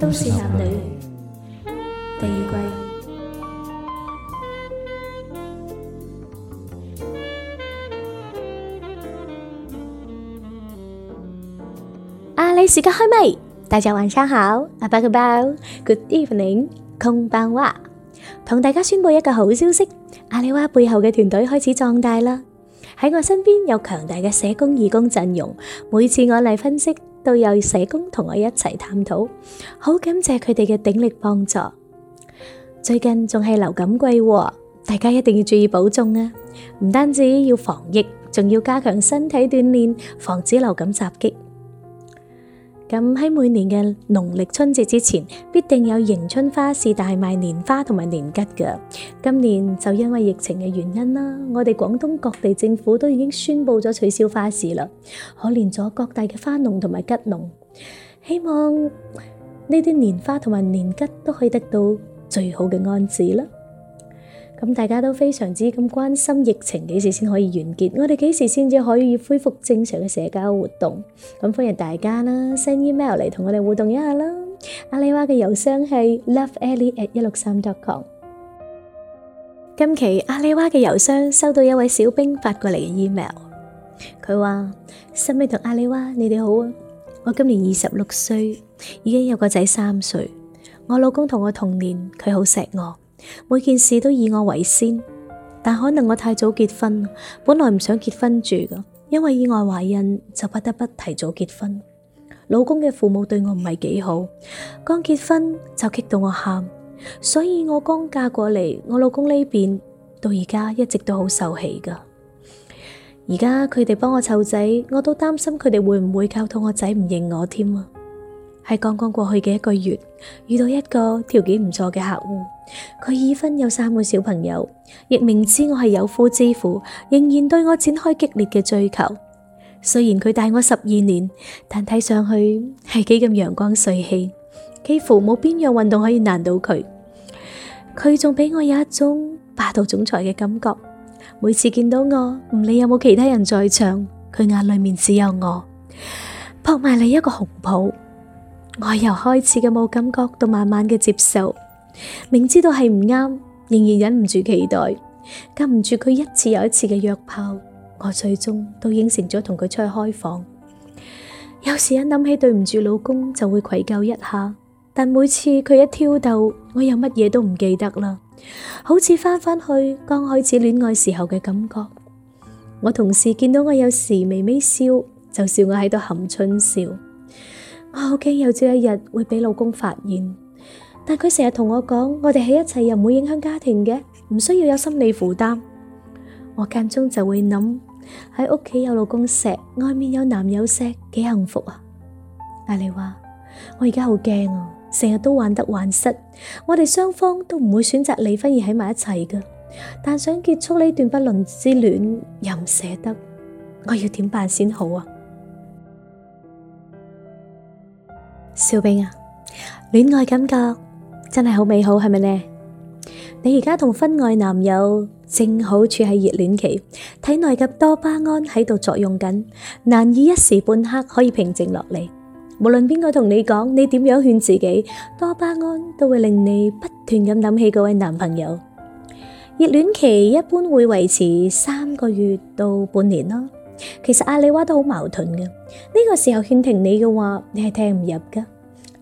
都市男女第二季，阿里時間開咪？大家晚上好，阿伯個包，Good evening，控八卦，同大家宣布一個好消息，阿里娃背後嘅團隊開始壯大啦，喺我身邊有強大嘅社工義工陣容，每次我嚟分析。都有社工同我一齊探討，好感謝佢哋嘅鼎力幫助。最近仲係流感季喎，大家一定要注意保重啊！唔單止要防疫，仲要加強身體鍛煉，防止流感襲擊。咁喺每年嘅農曆春節之前，必定有迎春花市大賣年花同埋年桔㗎。今年就因為疫情嘅原因啦，我哋廣東各地政府都已經宣布咗取消花市啦，可憐咗各大嘅花農同埋桔農，希望呢啲年花同埋年桔都可以得到最好嘅安置啦。咁大家都非常之咁關心疫情幾時先可以完結，我哋幾時先至可以恢復正常嘅社交活動？咁歡迎大家啦，send email 嚟同我哋互動一下啦。阿里娃嘅郵箱係 loveali@ 一六三點 com。今期阿里娃嘅郵箱收到一位小冰發過嚟嘅 email，佢話：森美同阿里娃，你哋好啊！我今年二十六歲，已經有個仔三歲，我老公同我同年，佢好錫我。每件事都以我為先，但可能我太早結婚，本來唔想結婚住噶，因為意外懷孕就不得不提早結婚。老公嘅父母對我唔係幾好，剛結婚就激到我喊，所以我剛嫁過嚟，我老公呢邊到而家一直都好受氣噶。而家佢哋幫我湊仔，我都擔心佢哋會唔會教到我仔唔認我添啊！係剛剛過去嘅一個月，遇到一個條件唔錯嘅客戶，佢已婚有三個小朋友，亦明知我係有夫之婦，仍然對我展開激烈嘅追求。雖然佢大我十二年，但睇上去係幾咁陽光帥氣，幾乎冇邊樣運動可以難倒佢。佢仲俾我有一種霸道總裁嘅感覺，每次見到我，唔理有冇其他人在場，佢眼裏面只有我，撲埋嚟一個熊抱。我由開始嘅冇感覺到慢慢嘅接受，明知道係唔啱，仍然忍唔住期待，禁唔住佢一次又一次嘅約炮，我最終都應承咗同佢出去開房。有時一諗起對唔住老公，就會愧疚一下，但每次佢一挑逗，我又乜嘢都唔記得啦，好似翻返去剛開始戀愛時候嘅感覺。我同事見到我有時微微笑，就笑我喺度含春笑。我好驚有朝一日會俾老公發現，但佢成日同我講，我哋喺一齊，又唔會影響家庭嘅，唔需要有心理負擔。我間中就會諗，喺屋企有老公錫，外面有男友錫，幾幸福啊！阿里娃：我而家好驚啊，成日都患得患失。我哋雙方都唔會選擇離婚而喺埋一齊噶，但想結束呢段不倫之戀又唔捨得，我要點辦先好啊？小冰啊，戀愛感覺真係好美好，係咪呢？你而家同婚外男友正好處喺熱戀期，體內嘅多巴胺喺度作用緊，難以一時半刻可以平靜落嚟。無論邊個同你講，你點樣勸自己，多巴胺都會令你不斷咁諗起嗰位男朋友。熱戀期一般會維持三個月到半年咯。其實阿里娃都好矛盾嘅，呢個時候勸停你嘅話，你係聽唔入噶；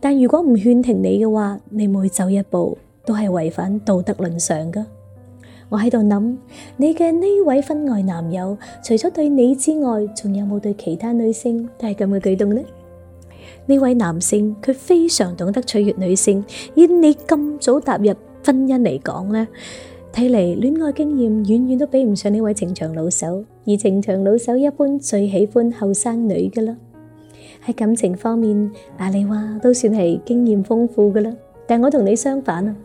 但如果唔勸停你嘅話，你每走一步都係違反道德倫常噶。我喺度諗，你嘅呢位婚外男友，除咗對你之外，仲有冇對其他女性都係咁嘅舉動呢？呢位男性佢非常懂得取悅女性，以你咁早踏入婚姻嚟講咧，睇嚟戀愛經驗遠遠都比唔上呢位情場老手。而情場老手一般最喜歡後生女噶啦，喺感情方面，阿里娃都算係經驗豐富噶啦。但我同你相反啊，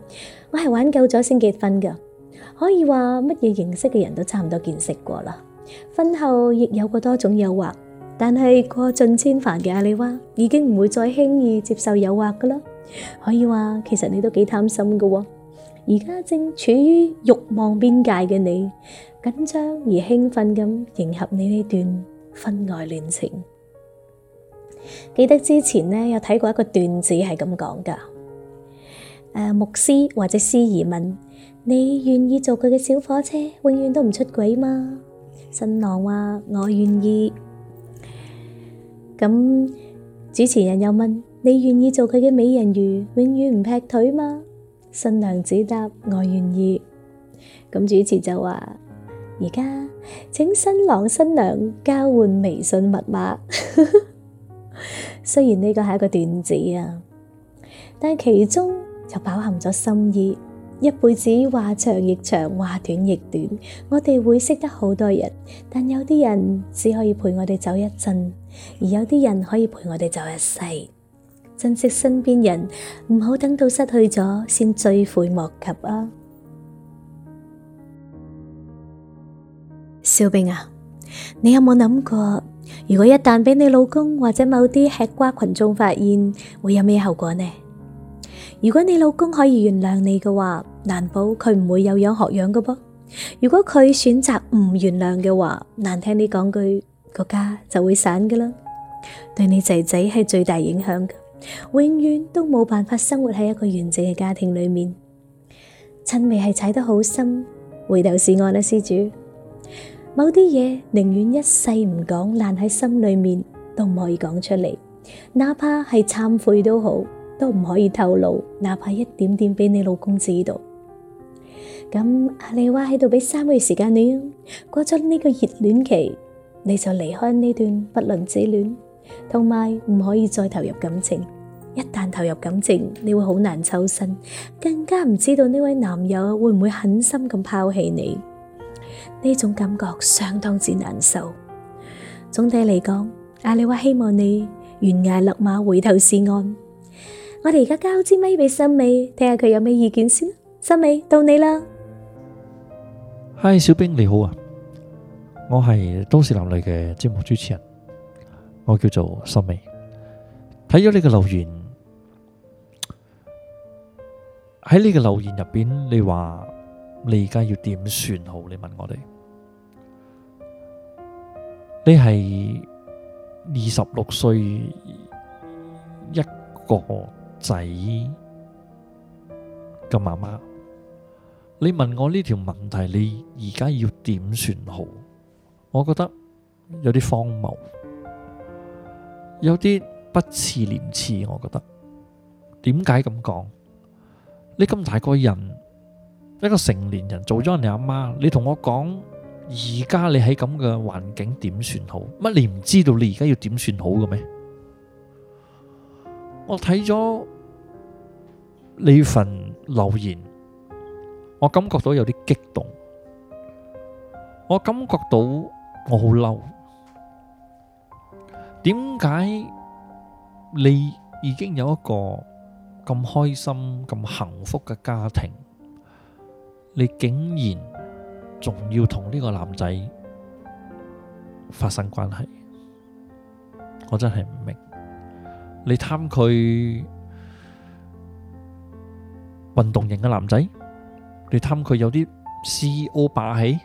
我係玩夠咗先結婚噶，可以話乜嘢認識嘅人都差唔多見識過啦。婚後亦有過多種誘惑，但係過盡千帆嘅阿里娃，已經唔會再輕易接受誘惑噶啦。可以話其實你都幾貪心噶，而家正處於慾望邊界嘅你，緊張而興奮咁迎合你呢段婚外戀情。記得之前呢有睇過一個段子，係咁講噶。誒，牧師或者司儀問：你願意做佢嘅小火車，永遠都唔出軌嗎？新郎話：我願意。咁主持人又問：你願意做佢嘅美人魚，永遠唔劈腿嗎？新娘子答：我願意。咁主持就話。而家，請新郎新娘交換微信密碼。 雖然呢個係一個段子啊，但其中就飽含咗心意。一輩子話長亦長，話短亦短。我哋會識得好多人，但有啲人只可以陪我哋走一陣，而有啲人可以陪我哋走一世。珍惜身邊人，唔好等到失去咗先，追悔莫及啊！小冰啊，你有冇諗過，如果一旦俾你老公或者某啲吃瓜群眾發現，會有咩後果呢？如果你老公可以原諒你嘅話，難保佢唔會有樣學樣嘅噃。如果佢選擇唔原諒嘅話，難聽啲講句，個家就會散嘅啦。對你仔仔係最大影響嘅，永遠都冇辦法生活喺一個完整嘅家庭裏面。趁未係踩得好深，回頭是岸啦，啊，施主。某啲嘢寧願一世唔講，爛喺心裏面都唔可以講出嚟，哪怕係懺悔都好，都唔可以透露，哪怕一點點畀你老公知道。咁阿里娃喺度畀三個月時間你，過咗呢個熱戀期，你就離開呢段不倫之戀，同埋唔可以再投入感情。一旦投入感情，你會好難抽身，更加唔知道呢位男友會唔會狠心咁拋棄你。呢種感覺相當之難受。總體嚟講，阿里娃希望你懸崖勒馬，回頭是岸。我哋而家交支咪俾森美，睇下佢有咩意見先。森美到你啦。嗨，小冰你好啊，我係都市男女嘅節目主持人，我叫做森美。睇咗你嘅留言，喺你個留言入邊，你話。你而家要點算好？你問我哋，你係二十六歲一個仔嘅媽媽，你問我呢條問題，你而家要點算好？我覺得有啲荒謬，有啲不似廉恥，我覺得點解咁講？你咁大個人。一個成年人，做咗人哋阿媽，你同我講，而家你喺咁嘅環境點算好？乜你唔知道你而家要點算好嘅咩？我睇咗呢份留言，我感覺到有啲激動，我感覺到我好嬲。點解你已經有一個咁開心、咁幸福嘅家庭？你竟然仲要同呢個男仔發生關係，我真係唔明。你貪佢運動型嘅男仔，你貪佢有啲 CEO 霸氣，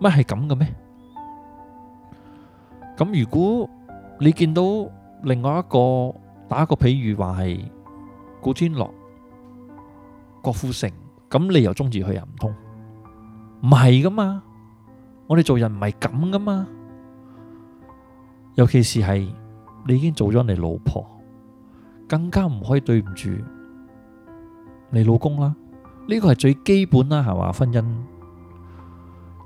乜係咁嘅咩？咁如果你見到另外一個打個比喻話係古天樂。郭富城，咁你又中意佢又唔通，唔係噶嘛？我哋做人唔係咁噶嘛尤其是係你已經做咗你老婆，更加唔可以對唔住你老公啦。呢個係最基本啦，係嘛？婚姻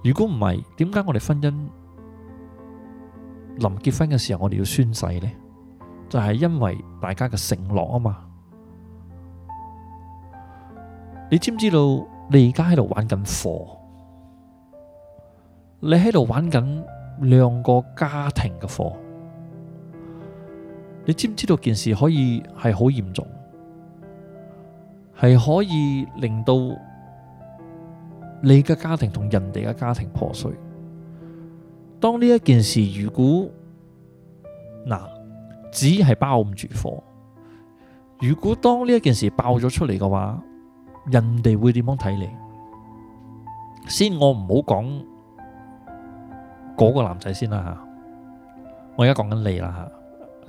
如果唔係，點解我哋婚姻臨結婚嘅時候我哋要宣誓呢？就係因為大家嘅承諾啊嘛。你知唔知道你在在？你而家喺度玩緊火，你喺度玩緊兩個家庭嘅火。你知唔知道件事可以係好嚴重，係可以令到你嘅家庭同人哋嘅家庭破碎。當呢一件事如果嗱紙，係包唔住火，如果當呢一件事爆咗出嚟嘅話。人哋會點樣睇你？先我唔好講嗰個男仔先啦吓，我而家講緊你啦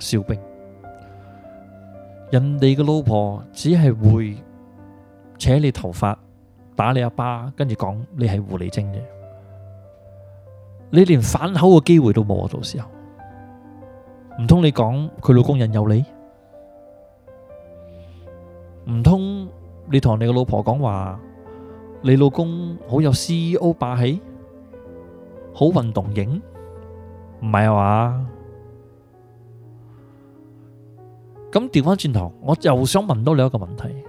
吓，笑柄，人哋嘅老婆只係會扯你頭髮，打你阿爸，跟住講你係狐狸精嘅，你連反口嘅機會都冇啊！到時候，唔通你講佢老公人有你，唔通？你同你個老婆講話，你老公好有 CEO 霸氣，好運動型，唔係啊嘛？咁調翻轉頭，我又想問多你一個問題：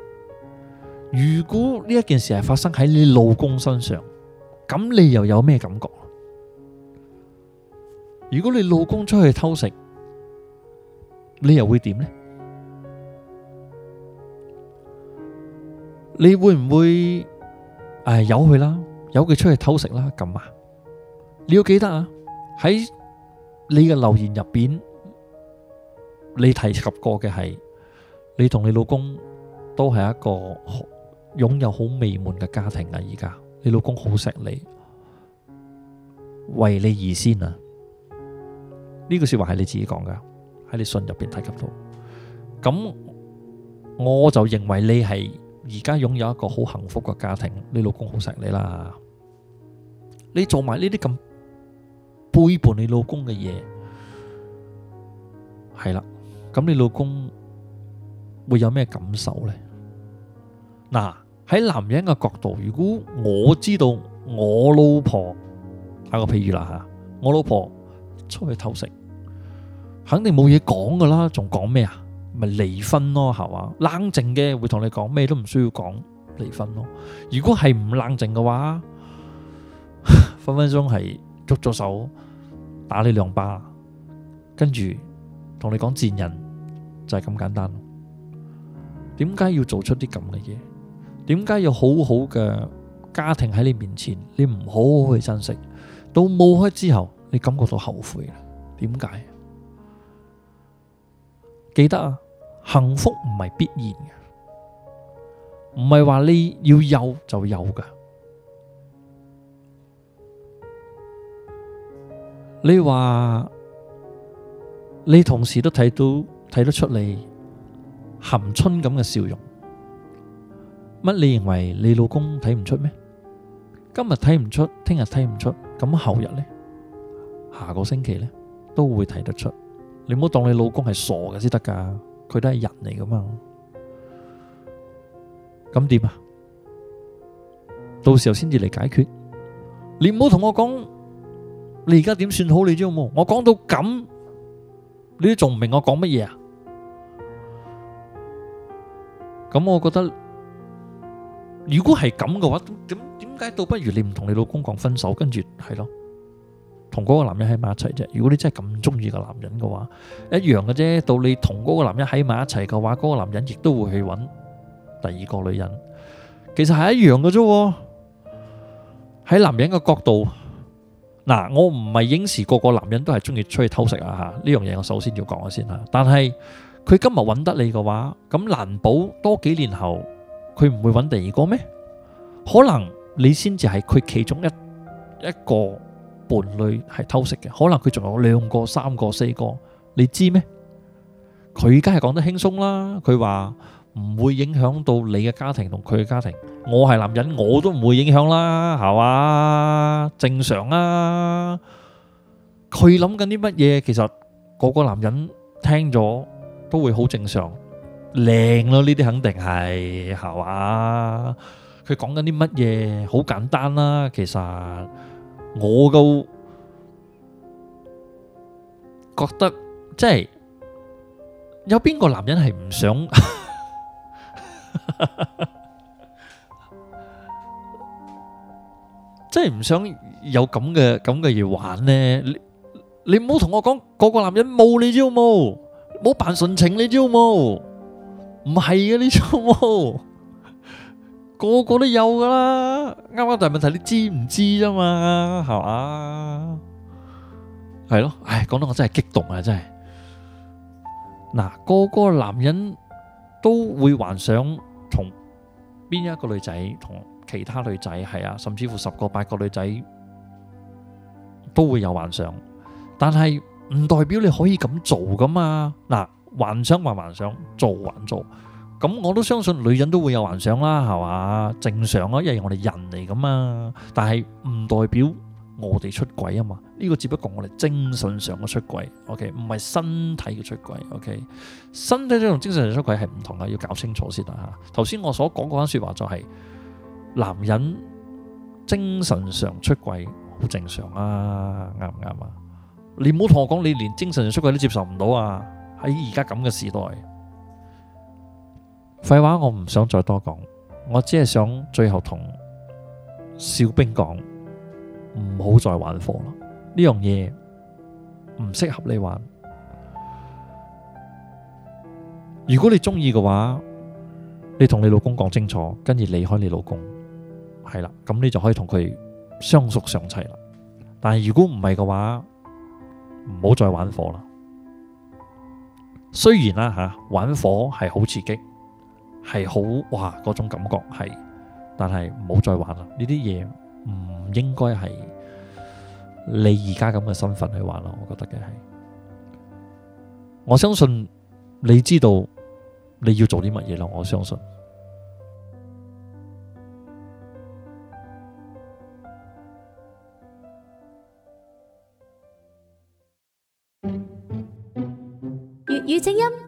如果呢一件事係發生喺你老公身上，咁你又有咩感覺？如果你老公出去偷食，你又會點呢？你會唔會誒，由佢啦，由佢出去偷食啦？咁啊，你要記得啊，喺你嘅留言入邊，你提及過嘅係你同你老公都係一個擁有好美滿嘅家庭啊！而家你老公好錫你，為你而先啊！呢句說話係你自己講㗎，喺你信入邊提及到。咁我就認為你係。而家擁有一個好幸福嘅家庭，你老公好錫你啦。你做埋呢啲咁背叛你老公嘅嘢，係啦，咁你老公會有咩感受呢？嗱，喺男人嘅角度，如果我知道我老婆打個比喻啦吓，我老婆出去偷食，肯定冇嘢講噶啦，仲講咩啊？咪離婚咯，係嘛？冷靜嘅會同你講咩都唔需要講離婚咯。如果係唔冷靜嘅話，分分鐘係捉咗手打你兩巴，跟住同你講賤人就係咁簡單咯。點解要做出啲咁嘅嘢？點解要好好嘅家庭喺你面前，你唔好好去珍惜，到冇開之後，你感覺到後悔啦？點解？記得啊！幸福唔係必然嘅，唔係話你要有就有嘅。你話你同事都睇到、睇得出你含春咁嘅笑容，乜你認為你老公睇唔出咩？今日睇唔出，聽日睇唔出，咁後日呢，下個星期呢，都會睇得出。你唔好當你老公係傻嘅先得噶。佢都係人嚟噶嘛，咁點啊？到時候先至嚟解決，你唔好同我講，你而家點算好你知好冇？我講到咁，你都仲唔明我講乜嘢啊？咁我覺得，如果係咁嘅話，點點點解倒不如你唔同你老公講分手，跟住係咯？同嗰個男人喺埋一齊啫。如果你真係咁中意個男人嘅話，一樣嘅啫。到你同嗰個男人喺埋一齊嘅話，嗰個男人亦都會去揾第二個女人。其實係一樣嘅啫。喺男人嘅角度，嗱，我唔係應時，個個男人都係中意出去偷食啊！吓，呢樣嘢我首先要講下先吓。但係佢今日揾得你嘅話，咁難保多幾年後佢唔會揾第二個咩？可能你先至係佢其中一一個。伴侶係偷食嘅，可能佢仲有兩個、三個、四個，你知咩？佢梗係講得輕鬆啦，佢話唔會影響到你嘅家庭同佢嘅家庭。我係男人，我都唔會影響啦，係嘛？正常啦。佢諗緊啲乜嘢？其實個個男人聽咗都會好正常，靚咯，呢啲肯定係，係嘛？佢講緊啲乜嘢？好簡單啦，其實。我都覺得，即係有邊個男人係唔想， 即係唔想有咁嘅咁嘅嘢玩呢？你唔好同我講個個男人冇你知冇？冇扮純情你知冇？唔係嘅你知冇？個個都有噶啦，啱啱大問題你知唔知啫嘛，係嘛？係咯，唉，講到我真係激動啊，真係。嗱，個個男人都會幻想同邊一個女仔，同其他女仔係啊，甚至乎十個八個女仔都會有幻想，但係唔代表你可以咁做噶嘛？嗱，幻想還幻想，做還做。咁我都相信女人都會有幻想啦，係嘛，正常咯，因為我哋人嚟噶嘛。但係唔代表我哋出軌啊嘛，呢個只不過我哋精神上嘅出軌，OK，唔係身體嘅出軌，OK。身體上同精神上出軌係唔同噶，要搞清楚先啦吓。頭先我所講嗰番說話就係男人精神上出軌好正常啊，啱唔啱啊？你唔好同我講你連精神上出軌都接受唔到啊！喺而家咁嘅時代。廢話我唔想再多講，我只係想最後同小冰講，唔好再玩火啦。呢樣嘢唔適合你玩。如果你中意嘅話，你同你老公講清楚，跟住離開你老公係啦。咁你就可以同佢相熟上齊啦。但係如果唔係嘅話，唔好再玩火啦。雖然啦、啊、吓玩火係好刺激。係好哇，嗰種感覺係，但係唔好再玩啦。呢啲嘢唔應該係你而家咁嘅身份去玩咯。我覺得嘅係，我相信你知道你要做啲乜嘢咯。我相信粵語，語正音。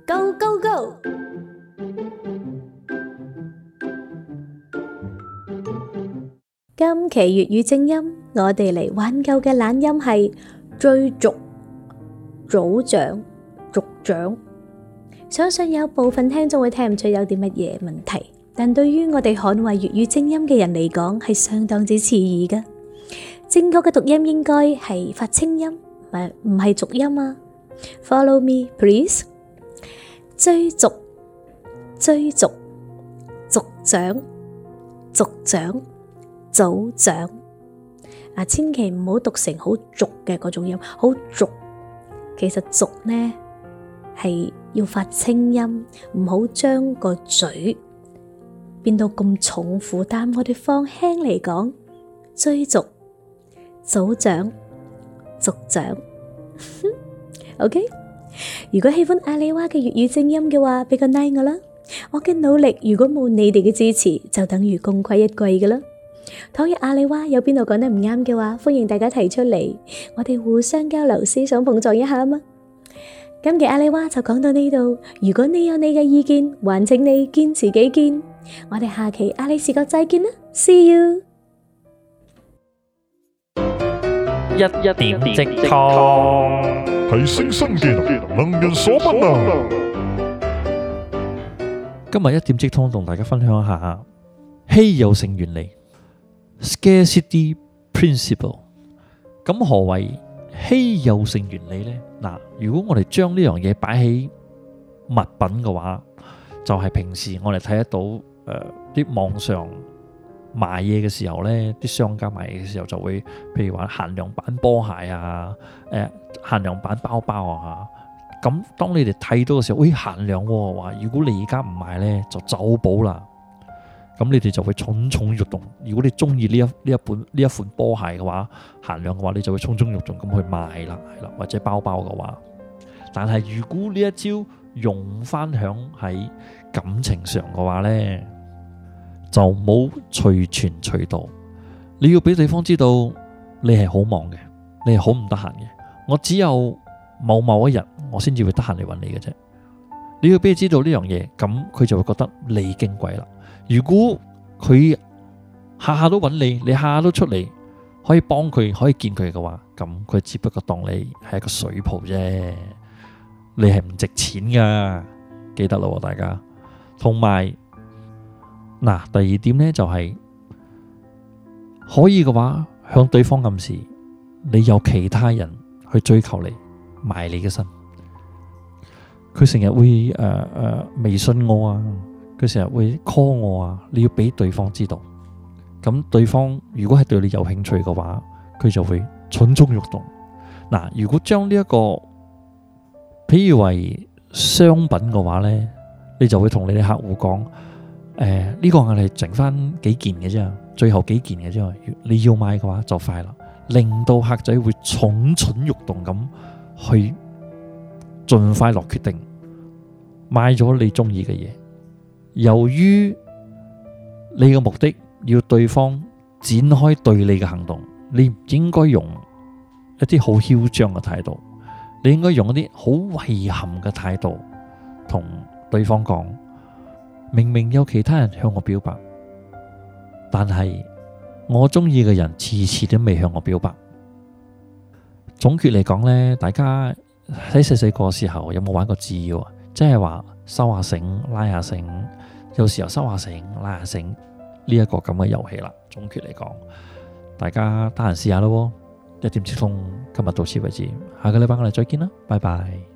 其實粵語正音，我哋嚟挽救嘅懶音係追逐組長族長。相信有部分聽眾會聽唔出有啲乜嘢問題，但對於我哋捍衛粵語正音嘅人嚟講，係相當之刺耳噶。正確嘅讀音應該係發清音，唔唔係濁音啊。Follow me, please。追逐，追逐，族長，族長。組長啊，千祈唔好讀成好濁嘅嗰種音，好濁。其實濁呢係要發清音，唔好將個嘴變到咁重負擔。我哋放輕嚟講，追逐組長，族長。 OK，如果喜歡阿里娃嘅粵語正音嘅話，俾個 like 我啦。我嘅努力如果冇你哋嘅支持，就等於功虧一簣嘅啦。倘若阿里娃有邊度講得唔啱嘅話，歡迎大家提出嚟，我哋互相交流思想，碰撞一下啊嘛！今期阿里娃就講到呢度，如果你有你嘅意見，還請你堅持己見。我哋下期阿里視覺再見啦，See you！一一點即通，提升心技能，能人所不能。今日一點即通同大家分享一下稀有性原理。Scarcity Principle，咁何為稀有性原理呢？嗱，如果我哋將呢樣嘢擺喺物品嘅話，就係、是、平時我哋睇得到誒，啲、呃、網上賣嘢嘅時候咧，啲商家賣嘢嘅時候就會，譬如話限量版波鞋啊，誒、呃，限量版包包啊，咁當你哋睇到嘅時候，喂、哎，限量嘅話，如果你而家唔買咧，就走寶啦。咁你哋就會蠢蠢欲動。如果你中意呢一呢一本呢一款波鞋嘅話，限量嘅話，你就會蠢蠢欲動咁去買啦，係啦，或者包包嘅話。但係如果呢一招用翻響喺感情上嘅話呢，就冇隨傳隨到。你要俾對方知道你係好忙嘅，你係好唔得閒嘅。我只有某某一日，我先至會得閒嚟搵你嘅啫。你要俾佢知道呢樣嘢，咁佢就會覺得你矜貴啦。如果佢下下都揾你，你下下都出嚟，可以幫佢，可以見佢嘅話，咁佢只不過當你係一個水泡啫，你係唔值錢噶，記得咯，大家。同埋嗱，第二點呢，就係、是、可以嘅話，向對方暗示你有其他人去追求你，埋你嘅身，佢成日會誒誒、呃呃、微信我啊。佢成日會 call 我啊，你要俾對方知道，咁對方如果係對你有興趣嘅話，佢就會蠢蠢欲動。嗱，如果將呢一個比喻為商品嘅話咧，你就會同你啲客戶講：誒、呃，呢、這個我哋剩翻幾件嘅啫，最後幾件嘅啫，你要買嘅話就快啦，令到客仔會蠢蠢欲動咁去盡快落決定買，買咗你中意嘅嘢。由於你嘅目的要對方展開對你嘅行動，你唔應該用一啲好囂張嘅態度，你應該用一啲好遺憾嘅態度同對方講：明明有其他人向我表白，但係我中意嘅人次次都未向我表白。總結嚟講呢，大家喺細細個時候有冇玩過紙鳶？即係話收下繩，拉下繩。有時候收下成，拉下成，呢一個咁嘅遊戲啦。總結嚟講，大家得閒試下咯喎。一點之風，今日到此為止，下個禮拜我哋再見啦，拜拜。